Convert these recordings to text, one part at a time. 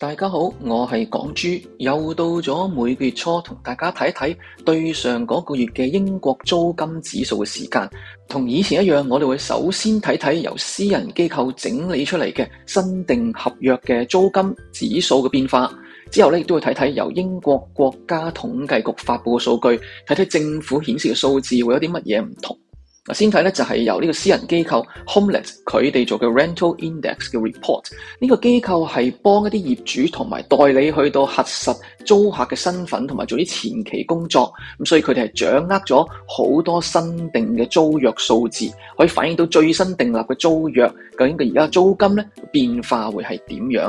大家好，我係港豬，又到咗每個月初同大家睇一睇對上嗰個月嘅英國租金指數嘅時間，同以前一樣，我哋會首先睇睇由私人機構整理出嚟嘅新定合約嘅租金指數嘅變化，之後咧亦都會睇睇由英國國家統計局發佈嘅數據，睇睇政府顯示嘅數字會有啲乜嘢唔同。嗱，先睇咧就係、是、由呢個私人機構 Homelet 佢哋做嘅 rental index 嘅 report。呢、這個機構係幫一啲業主同埋代理去到核實租客嘅身份同埋做啲前期工作，咁所以佢哋係掌握咗好多新定嘅租約數字，可以反映到最新定立嘅租約究竟佢而家租金咧變化會係點樣？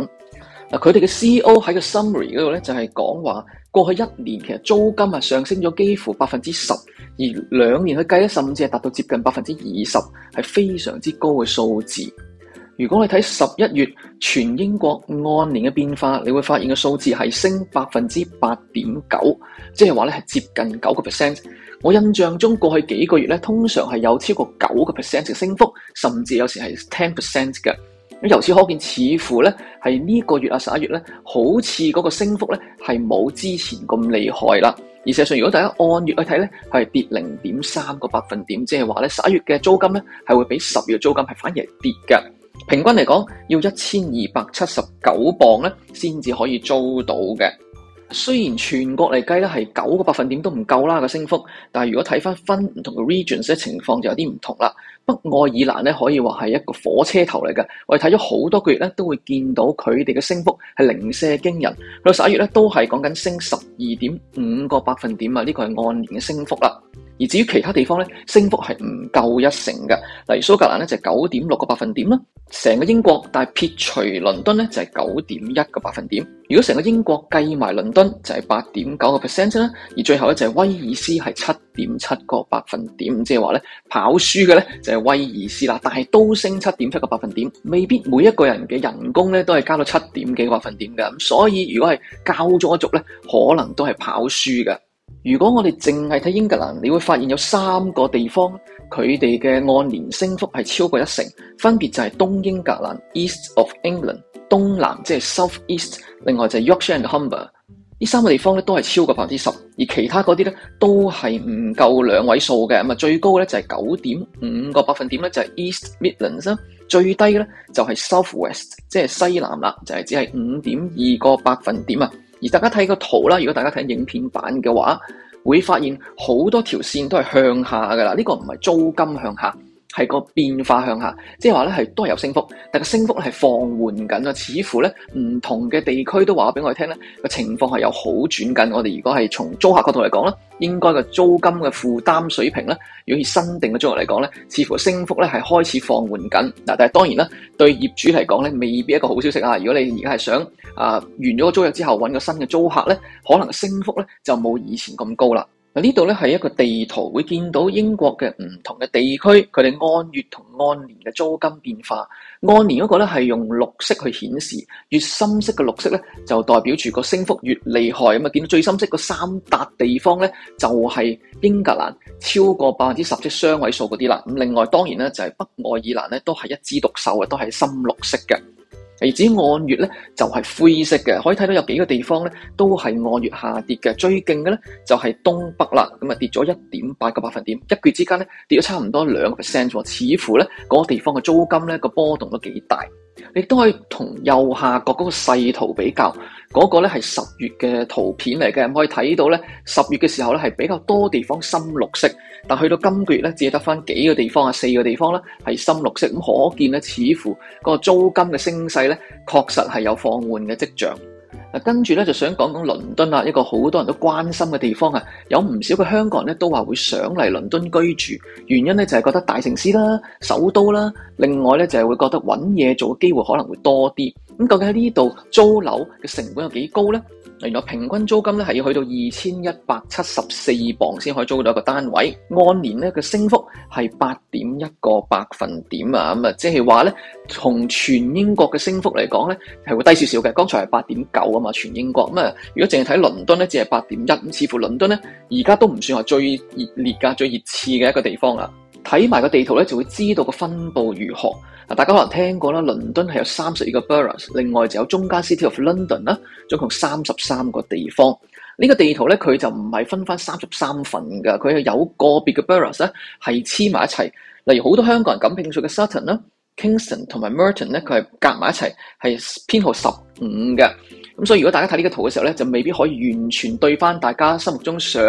嗱、啊，佢哋嘅 CEO 喺個 summary 嗰度咧就係講話過去一年其實租金啊上升咗幾乎百分之十。而兩年去計咧，甚至係達到接近百分之二十，係非常之高嘅數字。如果你睇十一月全英國按年嘅變化，你會發現嘅數字係升百分之八點九，即係話咧係接近九個 percent。我印象中過去幾個月咧，通常係有超過九個 percent 嘅升幅，甚至有時係 ten percent 嘅。由此可見，似乎咧係呢個月啊十一月咧，好似嗰個升幅咧係冇之前咁厲害啦。而事實上，如果大家按月去睇咧，係跌零點三個百分點，即係話咧十一月嘅租金咧係會比十月嘅租金係反而係跌嘅。平均嚟講，要一千二百七十九磅咧先至可以租到嘅。雖然全國嚟計咧係九個百分點都唔夠啦，個升幅，但係如果睇翻分唔同嘅 regions 咧情況就有啲唔同啦。北愛爾蘭咧可以話係一個火車頭嚟嘅，我哋睇咗好多個月咧都會見到佢哋嘅升幅係零舍驚人。去到十一月咧都係講緊升十二點五個百分點啊，呢個係按年嘅升幅啦。而至於其他地方咧，升幅係唔夠一成嘅。例如蘇格蘭咧就係九點六個百分點啦，成個英國但係撇除倫敦咧就係九點一個百分點。如果成個英國計埋倫敦就係八點九個 percent 啦。而最後咧就係威爾斯係七點七個百分點，即係話咧跑輸嘅咧就係威爾斯啦。但係都升七點七個百分點，未必每一個人嘅人工咧都係加到七點幾個百分點嘅。咁所以如果係交咗一族咧，可能都係跑輸嘅。如果我哋淨係睇英格蘭，你會發現有三個地方，佢哋嘅按年升幅係超過一成，分別就係東英格蘭 （East of England）、東南即係 South East，另外就係 Yorkshire and Humber，呢三個地方咧都係超過百分之十，而其他嗰啲咧都係唔夠兩位數嘅。咁啊，最高呢咧就係九點五個百分點咧，就係 East Midlands 啦，最低呢咧就係 South West，即係西南啦，就係只係五點二個百分點啊。而大家睇個圖啦，如果大家睇影片版嘅話，會發現好多條線都係向下㗎啦。呢個唔係租金向下。係個變化向下，即係話咧係都係有升幅，但係升幅係放緩緊啊！似乎咧唔同嘅地區都話俾我哋聽咧個情況係有好轉緊。我哋如果係從租客角度嚟講啦，應該個租金嘅負擔水平咧，如果以新定嘅租約嚟講咧，似乎升幅咧係開始放緩緊嗱。但係當然啦，對業主嚟講咧，未必一個好消息啊！如果你而家係想啊、呃、完咗個租約之後搵個新嘅租客咧，可能升幅咧就冇以前咁高啦。嗱呢度咧係一個地圖，會見到英國嘅唔同嘅地區，佢哋按月同按年嘅租金變化。按年嗰個咧係用綠色去顯示，越深色嘅綠色咧就代表住個升幅越厲害。咁啊，見到最深色嗰三笪地方咧，就係英格蘭超過百分之十，即雙位數嗰啲啦。咁另外當然咧就係北愛爾蘭咧都係一枝獨秀嘅，都係深綠色嘅。而至於按月咧就係灰色嘅，可以睇到有幾個地方咧都係按月下跌嘅，最勁嘅咧就係東北啦，咁啊跌咗一點八個百分點，一月之間咧跌咗差唔多兩個 percent，似乎咧嗰個地方嘅租金咧個波動都幾大。你都可以同右下角嗰個細圖比較，嗰個咧係十月嘅圖片嚟嘅，我可以睇到咧，十月嘅時候咧係比較多地方深綠色，但去到今個月咧，只得返幾個地方啊，四個地方咧係深綠色，咁可見咧，似乎個租金嘅升勢咧，確實係有放緩嘅跡象。跟住咧就想講講倫敦啦，一個好多人都關心嘅地方啊，有唔少嘅香港人咧都話會上嚟倫敦居住，原因咧就係覺得大城市啦、首都啦，另外咧就係會覺得揾嘢做嘅機會可能會多啲。咁究竟喺呢度租樓嘅成本有幾高呢？原來平均租金咧係要去到二千一百七十四磅先可以租到一個單位，按年咧嘅升幅係八點一個百分點啊，咁啊即係話咧，從全英國嘅升幅嚟講咧係會低少少嘅，剛才係八點九啊。同埋全英國咁啊，如果淨係睇倫敦咧，只係八點一，咁似乎倫敦咧而家都唔算話最熱烈㗎，最熱刺嘅一個地方啦。睇埋個地圖咧，就會知道個分布如何。嗱，大家可能聽過啦，倫敦係有三十二個 boroughs，另外就有中間 City of London 啦，總共三十三個地方。呢個地圖咧，佢就唔係分翻三十三份㗎，佢有個別嘅 boroughs 咧係黐埋一齊。例如好多香港人感興趣嘅 Sutton 啦。Kingston 同埋 Merton 咧，佢係夾埋一齊，係編號十五嘅。咁所以如果大家睇呢個圖嘅時候咧，就未必可以完全對翻大家心目中想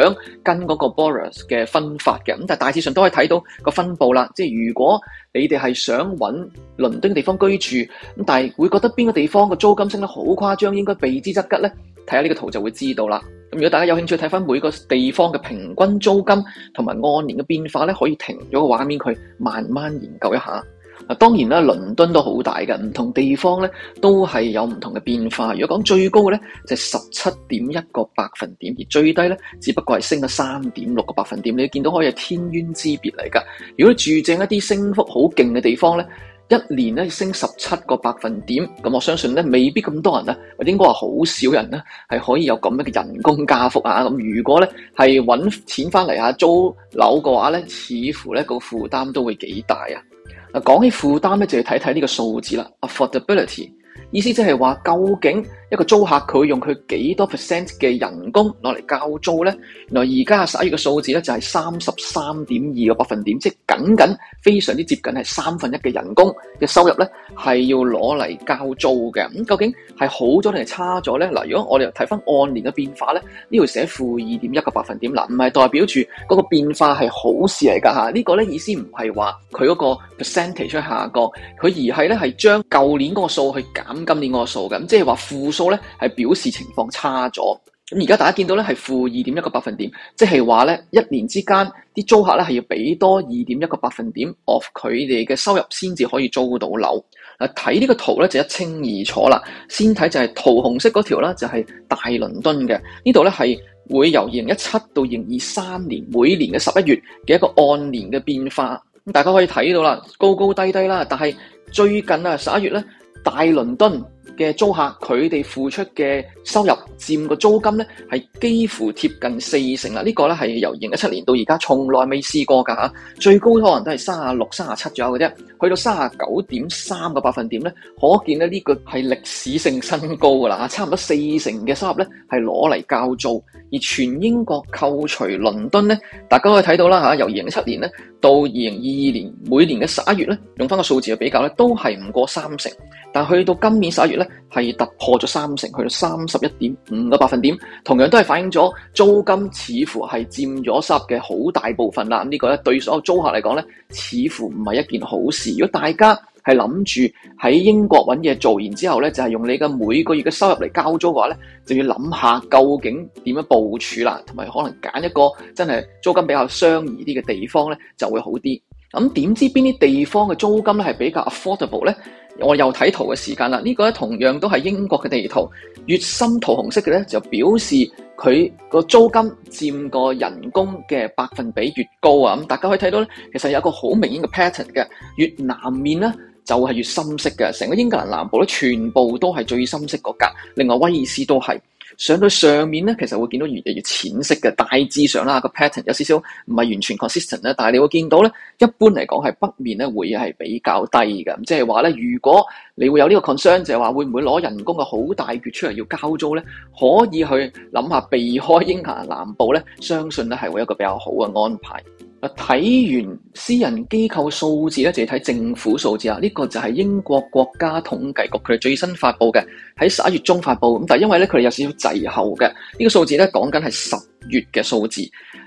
跟嗰個 Boris 嘅分法嘅。咁但係大致上都可以睇到個分佈啦。即係如果你哋係想揾倫敦嘅地方居住，咁但係會覺得邊個地方嘅租金升得好誇張，應該避之則吉咧？睇下呢個圖就會知道啦。咁如果大家有興趣睇翻每個地方嘅平均租金同埋按年嘅變化咧，可以停咗個畫面佢，慢慢研究一下。嗱，當然啦，倫敦都好大嘅，唔同地方咧都係有唔同嘅變化。如果講最高嘅咧，就係十七點一個百分點，而最低咧，只不過係升咗三點六個百分點。你見到可以係天淵之別嚟噶。如果住正一啲升幅好勁嘅地方咧，一年咧升十七個百分點，咁我相信咧未必咁多人啊，我應該話好少人啦，係可以有咁樣嘅人工加幅啊。咁如果咧係揾錢翻嚟啊租樓嘅話咧，似乎咧個負擔都會幾大啊。講起負擔咧，就要睇睇呢個數字啦，affordability。意思即係話，究竟一個租客佢用佢幾多 percent 嘅人工攞嚟交租咧？原來而家十一月嘅數字咧就係三十三點二個百分點，即係僅僅非常之接近係三分一嘅人工嘅收入咧，係要攞嚟交租嘅。咁究竟係好咗定係差咗咧？嗱，如果我哋又睇翻按年嘅變化咧，呢度寫負二點一個百分點，嗱唔係代表住嗰個變化係好事嚟噶吓，呢、這個咧意思唔係話佢嗰個 percentage 出去下降，佢而係咧係將舊年嗰個數去減。今年個數嘅，咁即係話負數咧係表示情況差咗。咁而家大家見到咧係負二點一個百分點，即係話咧一年之間啲租客咧係要俾多二點一個百分點 off 佢哋嘅收入先至可以租到樓。嗱，睇呢個圖咧就一清二楚啦。先睇就係桃紅色嗰條啦，就係大倫敦嘅。呢度咧係會由二零一七到二零二三年每年嘅十一月嘅一個按年嘅變化。咁大家可以睇到啦，高高低低啦，但係最近啊十一月咧。大倫敦嘅租客，佢哋付出嘅收入佔個租金呢係幾乎貼近四成啦。呢、這個呢係由二零一七年到而家，從來未試過㗎嚇。最高可能都係三啊六、三啊七左右嘅啫，去到三啊九點三個百分點呢，可見呢、這個係歷史性新高㗎啦。差唔多四成嘅收入呢係攞嚟交租，而全英國扣除倫敦呢，大家可以睇到啦嚇，由由二零一七年呢。到二零二二年每年嘅十一月咧，用翻個數字去比較咧，都係唔過三成。但去到今年十一月咧，係突破咗三成，去到三十一點五個百分點。同樣都係反映咗租金似乎係佔咗收入嘅好大部分啦。咁、這個、呢個咧對所有租客嚟講咧，似乎唔係一件好事。如果大家，係諗住喺英國揾嘢做，然之後呢就係、是、用你嘅每個月嘅收入嚟交租嘅話呢，就要諗下究竟點樣部署啦，同埋可能揀一個真係租金比較相宜啲嘅地方呢，就會好啲。咁、嗯、點知邊啲地方嘅租金咧係比較 affordable 呢？我又睇圖嘅時間啦，這個、呢個咧同樣都係英國嘅地圖，越深桃紅色嘅呢，就表示佢個租金佔個人工嘅百分比越高啊。咁、嗯、大家可以睇到呢，其實有一個好明顯嘅 pattern 嘅，越南面啦。就係、是、越深色嘅，成個英格蘭南部咧，全部都係最深色嗰格。另外威爾斯都係上到上面咧，其實會見到越嚟越淺色嘅。大致上啦，這個 pattern 有少少唔係完全 consistent 啦。但係你會見到咧，一般嚟講係北面咧會係比較低嘅。即係話咧，如果你會有呢個 concern，就係話會唔會攞人工嘅好大橛出嚟要交租咧，可以去諗下避開英格蘭南部咧，相信咧係會有一個比較好嘅安排。睇完私人機構數字咧，就要睇政府數字啊！呢個就係英國國家統計局佢最新發布嘅，喺十一月中發布。咁但係因為咧，佢哋有少少滯後嘅呢個數字咧，講緊係十月嘅數字。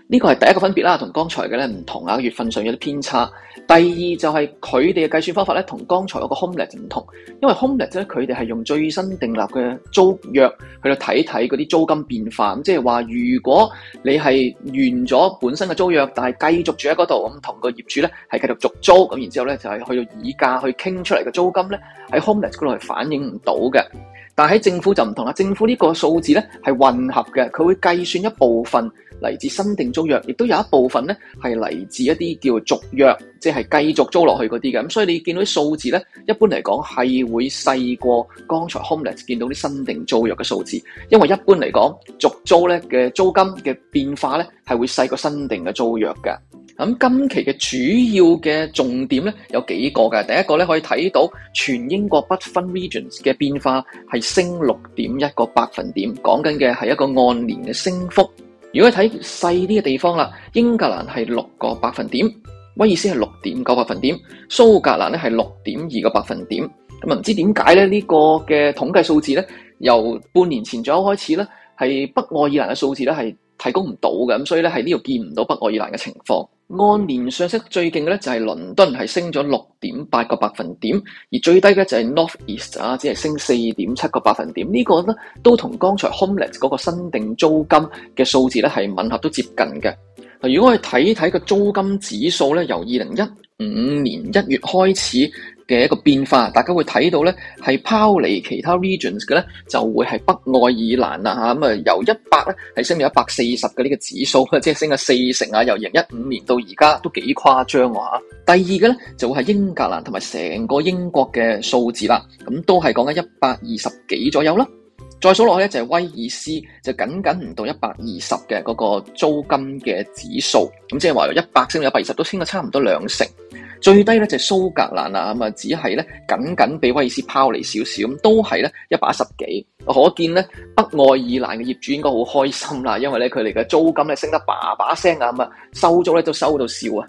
呢個係第一個分別啦，同剛才嘅咧唔同啊，月份上有啲偏差。第二就係佢哋嘅計算方法咧，同剛才嗰個 Homelet 唔同，因為 Homelet 咧佢哋係用最新訂立嘅租約去到睇睇嗰啲租金變化，即係話如果你係完咗本身嘅租約，但係繼續住喺嗰度，咁同個業主咧係繼續續租，咁然之後咧就係去到以價去傾出嚟嘅租金咧，喺 Homelet 嗰度係反映唔到嘅。但係喺政府就唔同啦，政府呢個數字咧係混合嘅，佢會計算一部分。嚟自新定租約，亦都有一部分咧係嚟自一啲叫續約，即係繼續租落去嗰啲嘅。咁所以你見到啲數字咧，一般嚟講係會細過剛才 Homelet 見到啲新定租約嘅數字，因為一般嚟講續租咧嘅租金嘅變化咧係會細過新定嘅租約嘅。咁今期嘅主要嘅重點咧有幾個嘅。第一個咧，可以睇到全英國不分 region 嘅變化係升六點一個百分點，講緊嘅係一個按年嘅升幅。如果你睇細啲嘅地方啦，英格蘭係六個百分點，威爾斯係六點九百分點，蘇格蘭咧係六點二個百分點。咁啊唔知點解咧，呢個嘅統計數字呢，由半年前左右開始呢，係北愛爾蘭嘅數字呢係提高唔到㗎。咁所以咧喺呢度見唔到北愛爾蘭嘅情況。按年上升最勁嘅咧就係倫敦，係升咗六點八個百分點，而最低嘅就係 North East 啊，只係升四點七個百分點。這個、呢個咧都同剛才 Homelet 嗰個新定租金嘅數字咧係吻合，都接近嘅。嗱，如果我哋睇睇個租金指數咧，由二零一五年一月開始。嘅一個變化，大家會睇到咧，係拋離其他 regions 嘅咧，就會係北愛爾蘭啦嚇，咁啊由一百咧係升到一百四十嘅呢個指數，即係升咗四成啊，由二零一五年到而家都幾誇張啊嚇。第二個咧就會、係、係英格蘭同埋成個英國嘅數字啦，咁、啊、都係講緊一百二十幾左右啦。再數落去咧就係威爾斯，就僅僅唔到一百二十嘅嗰個租金嘅指數，咁即係話一百升到一百二十都升咗差唔多兩成，最低咧就係蘇格蘭啦，咁啊只係咧僅僅畀威爾斯拋離少少，咁都係咧一百十幾，可見咧北愛爾蘭嘅業主應該好開心啦，因為咧佢哋嘅租金咧升得把把聲啊，咁啊收租咧都收到笑啊！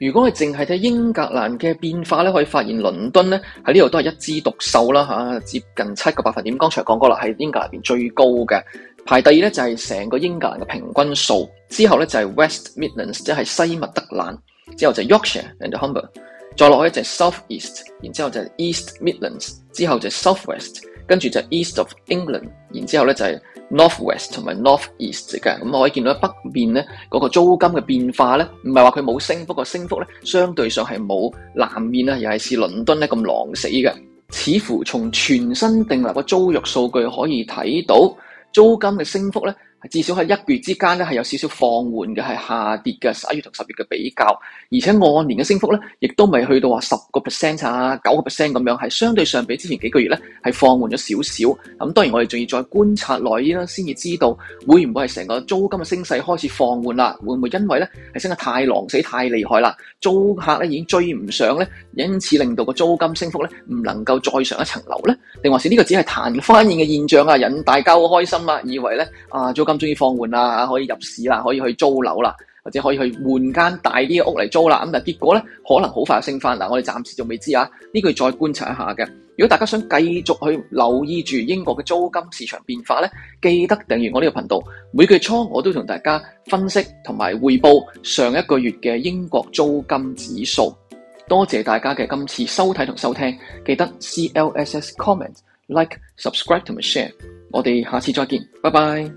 如果你淨係睇英格蘭嘅變化咧，可以發現倫敦咧喺呢度都係一枝獨秀啦吓，接近七個百分點。剛才講過啦，係英格蘭入邊最高嘅，排第二咧就係成個英格蘭嘅平均數，之後咧就係 West Midlands 即係西密德蘭，之後就 Yorkshire and Humber 再落去一隻 South East，然之後就係 East Midlands，之後就 South West。跟住就 East of England，然之後咧就係 North West 同埋 North East 嘅，咁、嗯、我可以見到北面咧嗰、嗰個租金嘅變化咧，唔係話佢冇升幅，不過升幅咧相對上係冇南面啊，又係似倫敦咧咁狼死嘅，似乎從全新定立嘅租約數據可以睇到租金嘅升幅咧。至少喺一個月之間咧，係有少少放緩嘅，係下跌嘅，十一月同十月嘅比較，而且按年嘅升幅咧，亦都未去到話十個 percent 啊、九個 percent 咁樣，係相對上比之前幾個月咧係放緩咗少少。咁、嗯、當然我哋仲要再觀察耐啲啦，先至知道會唔會係成個租金嘅升勢開始放緩啦？會唔會因為咧係升得太狼死、太厲害啦？租客咧已經追唔上咧，因此令到個租金升幅咧唔能夠再上一層樓咧，定還是呢個只係曇花一現嘅現象啊？引大家好開心啊，以為咧啊租。今中意放緩啦，可以入市啦，可以去租樓啦，或者可以去換間大啲嘅屋嚟租啦。咁但係結果咧，可能好快就升翻。嗱，我哋暫時仲未知啊，呢、這個月再觀察一下嘅。如果大家想繼續去留意住英國嘅租金市場變化咧，記得訂閱我呢個頻道。每個月初我都同大家分析同埋匯報上一個月嘅英國租金指數。多謝大家嘅今次收睇同收聽，記得 CLSS comment, like, subscribe, and share。我哋下次再見，拜拜。